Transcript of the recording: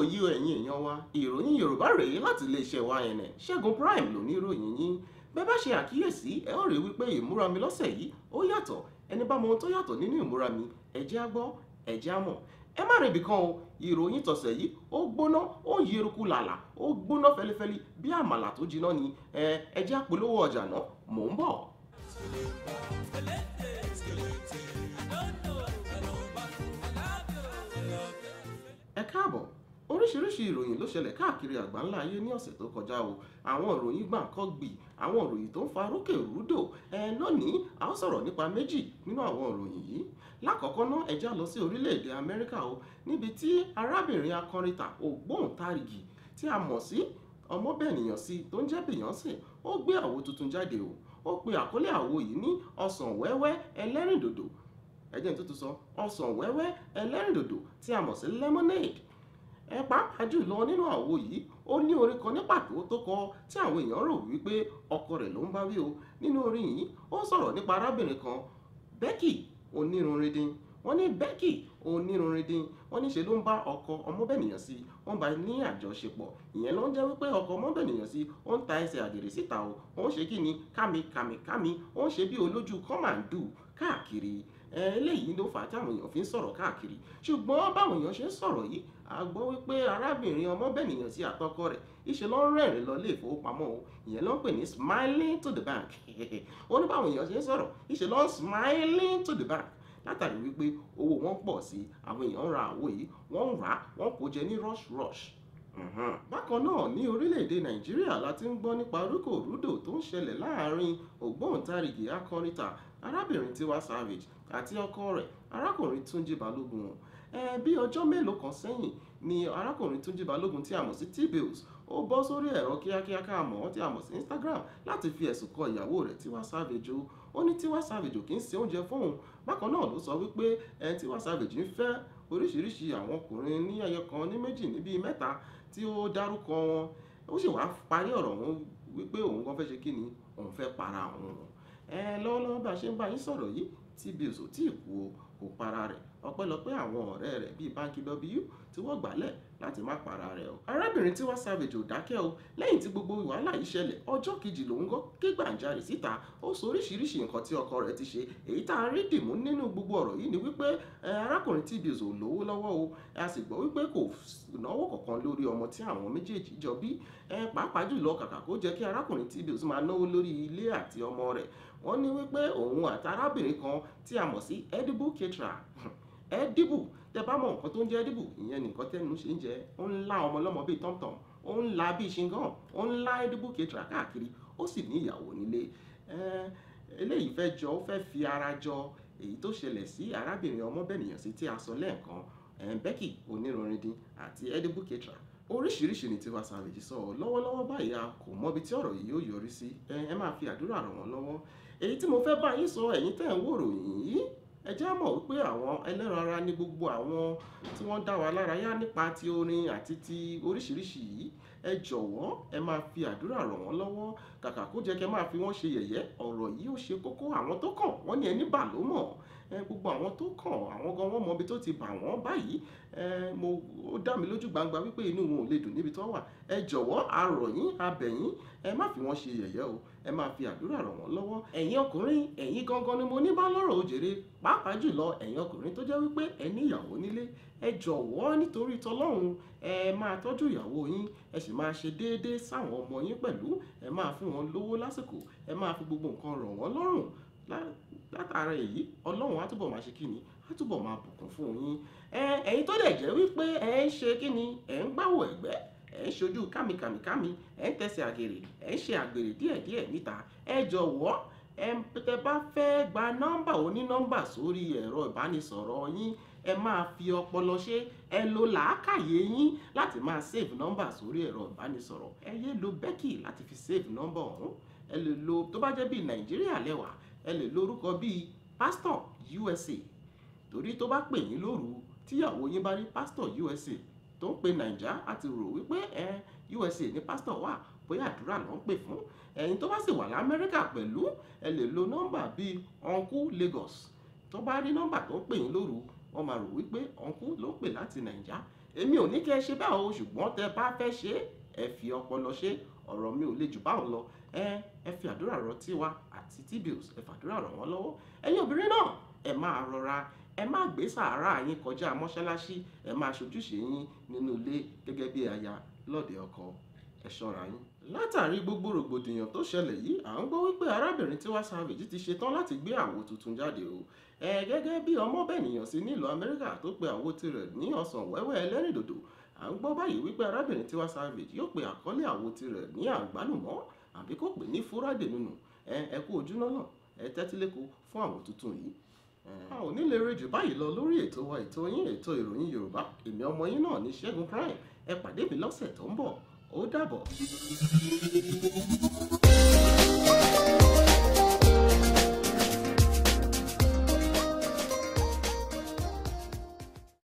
wòyí o ẹ̀yin èèyàn wa ìròyìn yorùbá rèé láti iléeṣẹ́ wa ẹ̀nẹ̀ ṣẹ́gun prime ló ní ìròyìn yín bẹ́ẹ̀ bá ṣe àkíyèsí ẹ ó rí wípé ìmúra mi lọ́sẹ̀ yìí ó yàtọ̀ ẹni bá mọ ohun tó yàtọ̀ nínú ìmúra mi ẹ jẹ́ á gbọ́ ẹ jẹ́ á mọ̀ ẹ má rìn ibìkan o ìròyìn tọ̀sẹ̀ yìí ó gbóná ó ń yeruku làlà ó gbóná fẹlifẹli bí àmàlà tó jiná ni ẹ á polówó ọjà náà mò ń bọ̀. ẹ káàbọ̀ oríṣiríṣi ìròyìn ló ṣẹlẹ̀ káàkiri àgbáńlá ayé ní ọ̀sẹ̀ tó kọjá o àwọn ìròyìn gbàǹkangbì àwọn ìròyìn tó ń fa rókè rúdò ẹ lónìí a ó sọ̀rọ̀ nípa méjì nínú àwọn ìròyìn yìí lákọ̀ọ́kọ́ náà ẹ já lọ sí orílẹ̀-èdè amẹ́ríkà o níbi tí arábìnrin akọrin ta ògbóǹtarìgì tí a mọ̀ sí ọmọbẹ̀nìyàn sí tó ń jẹ́ Beyoncé ó gbé àwo tuntun jáde o ó pe àkọlé àwo yìí ní ọsàn wẹ́wẹ́ ẹlẹ́rìndòdò ẹ̀jẹ̀ tó tún sọ ọsàn wẹ́wẹ́ ẹlẹ́rìndòdò tí a mọ̀ sí lemonade ẹ pàápàá jùlọ nínú àwo yìí ó ní orin kan ní pàtó tó kọ tí àwọn èèyàn rò wípé ọkọ rẹ̀ ló ń bá wí o nínú orin yìí ó sọ̀rọ̀ nípa arábìnrin kan Becky onírunrindin wọ́n ní Becky onírunrindin wọ́n ní ṣe ló ń bá ọkọ ọmọbẹ̀nìyàn sí wọ́n bá ní àjọṣepọ̀ ìyẹn ló ń jẹ́ wípé ọkọ ọmọbẹ̀nìyàn sí ó ń ta ẹsẹ̀ àgèrè síta o ó ń ṣe kí ni kámi kámi kámi ó ń ṣe bí olójú kọ́mà káàkiri eléyìí ló fà á táwọn èèyàn fi ń sọ̀rọ̀ káàkiri ṣùgbọ́n báwọn èèyàn ṣe ń sọ̀rọ̀ yìí a gbọ́ wípé arábìnrin ọmọ bẹ́nìyàn sí àtọkọ rẹ̀ ìṣe ló ń rẹ́rìn lọ ilé ìfowópamọ́ o ìyẹn ló ń pè ní smiling to the bank ó ní báwọn èèyàn ṣe ń sọ̀rọ̀ ìṣe ló ń smiling to the bank látàrí wípé owó wọn pọ̀ sí àwọn èèyàn ń ra àwo yìí wọ́n ń rà wọ́n kó jẹ ní rush rush bákan náà ní orílẹ̀-èdè nàìjíríà la ti ń gbọ́ nípa rúkèrúdò tó ń ṣẹlẹ̀ láàrin ògbóǹtarìgì akọrinta arábìnrin tiwa savage àti ọkọ rẹ̀ arákùnrin túnjí balógun ẹ bí ọjọ́ mélòó kan sẹ́yìn ni arákùnrin túnjí balógun tí a mọ̀ sí t-bills ó bọ́ sórí ẹ̀rọ kíákíá ká mọ̀ ọ́ tí a mọ̀ sí instagram láti fi ẹ̀sùn kọ ìyàwó rẹ̀ tiwa savage o ó ní tiwa savage ò kì í ṣe oúnjẹ fóun bákan náà ló sọ wípé ẹni tí Tiwa Savage ń fẹ́ oríṣiríṣi àwọn ọkùnrin ní ẹyọ kan ní méjì níbí mẹ́ta tí ó dárúkọ wọn ó sì wá parí ọ̀rọ̀ òun wípé òun kan fẹ́ ṣe kí ni òun fẹ́ para òun ẹ lọ́wọ́lọ́wọ́ bá a ṣe ń bá yín sọ̀rọ̀ yìí tí bí òsò tí ì kú o kò para rẹ̀ ọpẹ́lọpẹ́ àwọn ọ̀rẹ́ rẹ̀ bíi báńkì w tí wọ́n gbálẹ̀ láti má para rẹ̀ o. arábìnrin Tiwa Savage ò dákẹ́ o lẹ́yìn tí gbogbo wàhálà yìí ṣẹlẹ̀ ọjọ́ kejì ló ń gọ́ ké gbàǹjarè síta ó sọ oríṣiríṣi nǹkan tí ọkọ rẹ̀ ti ṣe èyí tá a rí dìmú nínú gbogbo ọ̀rọ̀ yìí ni wípé arákùnrin T-Bills ò lówó lọ́wọ́ o a sì gbọ́ wípé kò náwó kankan lórí ọmọ tí àwọn méjèèjì jọ bí pàápàá jùlọ kàkà kó jẹ́ kí arákùnrin T-Bills máa náwó lórí ilé àti ọmọ rẹ̀ wọ́n ní wípé òun àti kan tí a mọ̀ sí edible caterer edibu tẹ bá mọ nǹkan tó ń jẹ edibu ìyẹn nìkan tẹnu ṣe ń jẹ ó ń la ọmọ ọlọ́mọ bíi tọ́mtọ́m ó ń la bíi ṣingán ó ń la edibu kejìlá káàkiri ó sì ní ìyàwó nílé eléyìí fẹ́ jọ ó fẹ́ fi ara jọ èyí tó ṣẹlẹ̀ sí arábìnrin ọmọbẹ̀nìyàn sí tí a sọ lẹ́ẹ̀kan Becky oníròrìndín àti edibu kejìlá oríṣiríṣi ni Tiwa Savage sọ lọ́wọ́lọ́wọ́ báyìí a kò mọbi tí ọ̀rọ̀ yìí yóò yọrí sí ẹ má fi àdúrà ràn wọ́n lọ́wọ́ èyí tí mo fẹ́ bá yín sọ ẹ̀yin tẹ́ ń wò ròyìn yìí ẹ já mọ̀ wípé àwọn ẹlẹ́ran ara ní gbogbo àwọn tí wọ́n dá wa lárayá nípa ti orin àti ti oríṣiríṣi yìí ẹ jọ̀wọ́ ẹ máa fi àdúrà rọ̀ wọ́n lọ́wọ́ kàkà kó jẹ́ kẹ́ máa fi wọ́n ṣe yẹ̀yẹ́ ọ̀rọ̀ yìí ó ṣe kókó àwọn tó kàn wọ́n ní ẹni bà ló mọ̀ gbogbo àwọn tó kàn àwọn gan wọ́n mọ ibi tó ti bà wọ́n báyìí mo ó dá mi lójú gbangba wípé inú wọn ò lè dùn níbi tó wà ẹ jọ̀wọ́ a rọ̀ ẹ má fi wọ́n ṣe yẹ̀yẹ́ o ẹ máa fi àdúrà ràn wọ́n lọ́wọ́ ẹ̀yin ọkùnrin ẹ̀yin gangan ni mo ní bá lọ́rọ̀ òjèrè pàápàá jùlọ ẹ̀yin ọkùnrin tó jẹ́ wípé ẹ ní ìyàwó nílé ẹ jọ̀wọ́ nítorí tọlọ́run ẹ máa tọ́jú ìyàwó yín ẹ sì máa ṣe déédéé sáwọn ọmọ yín pẹ̀lú ẹ máa fún wọn lówó lásìkò ẹ máa fi gbogbo nǹkan ràn wọ́n lọ́rùn látara èyí ọlọ́run á túbọ̀ máa ṣe kí ni á túbọ̀ máa bùkún fún yín ẹ̀yin tó dẹ̀ jẹ́ wípé ẹ̀ ń ṣe kí ni ẹ̀ ń gbáwò ẹ̀gbẹ́ ẹ̀ ń ṣojú kámikàmikàmi ẹ̀ ń tẹ̀sẹ̀ àgèrè ẹ̀ ń ṣe àgèrè díẹ̀díẹ̀ níta ẹ jọ̀wọ́ tẹ bá fẹ́ gba nọ́mbà onínọ́mbà sórí ẹ̀rọ ìbánisọ̀rọ̀ yín ẹ máa fi ọpọlọ ṣe ẹ lo làákàyè yín láti máa save nọ́mbà sórí ẹ̀rọ ìbánisọ̀rọ̀ ẹ yé lo bẹ́kì láti fi save nọ́mbà ọ̀hún ẹ lè lo tó bá jẹ́ bíi nàìjíríà lẹ́wàá ẹ lè lórúkọ bíi pásítọ̀ USA torí tó bá pè yín lóru tíyàwó yín bá rí pásítọ̀ USA tó ń pe nàìjà àti rò wípé ẹ USA ni pastor wà bóyá àdúrà ló ń pè fún ẹ̀yin tó bá sì wà lamẹ́ríkà pẹ̀lú ẹ lè lo nọ́mbà bíi ọ̀nkú Lagos tó bá rí nọ́mbà tó ń pè yín lóru wọ́n máa rò wípé ọ̀nkú ló ń pè láti nàìjà èmi ò ní kẹ́ ẹ ṣe bẹ́ẹ̀ o ṣùgbọ́n tẹ bá fẹ́ ṣe é ẹ fi ọpọlọ ṣe ọ̀rọ̀ mi ò le jù báwọn lọ ẹ ẹ fi àdúrà rọ tí wa àti T-bills ẹ fàdúrà ràn wọ́n lọ́wọ́ ẹ̀yin obìnrin náà ẹ máa rọra ẹ má gbé sàárà yín kọjá mọ́ṣáláṣí ẹ máa ṣojúṣe yín nínú ilé gẹ́gẹ́ bí aya lọ́dẹ ọkọ ẹ ṣọ́ra yín. látàrí gbogbo rògbòdìyàn tó ṣẹlẹ̀ yìí à ń gbọ́ wípé arábìnrin Tiwa Savage ti ṣetán láti gbé àwo tuntun jáde o ẹ gẹ́gẹ́ bí ọmọbẹ̀nìyàn sí nílùú Amẹ́ríkà tó pe àwo tirẹ̀ ní ọsàn wẹ́wẹ́ ẹlẹ́rìndòdò à ń gbọ́ báyìí wípé arábìnrin Tiwa Savage yóò pe àkọ́lé àwo tirẹ̀ ní àgbálùmọ́ àbí kó pè ní fúrádé nínú ẹ kú ojúná náà ẹ tẹ́tí lẹ́kọ̀ọ́ fún àwọn tuntun yìí a ò ní lè rejù báyìí lọ lórí ètò wa ètò yín ètò ìròyìn Yorùbá èmi ọmọ yín náà ní Ṣẹ́gun Prime ẹ pàdé mi lọ́sẹ̀ tó ń bọ̀ ó dàbọ̀.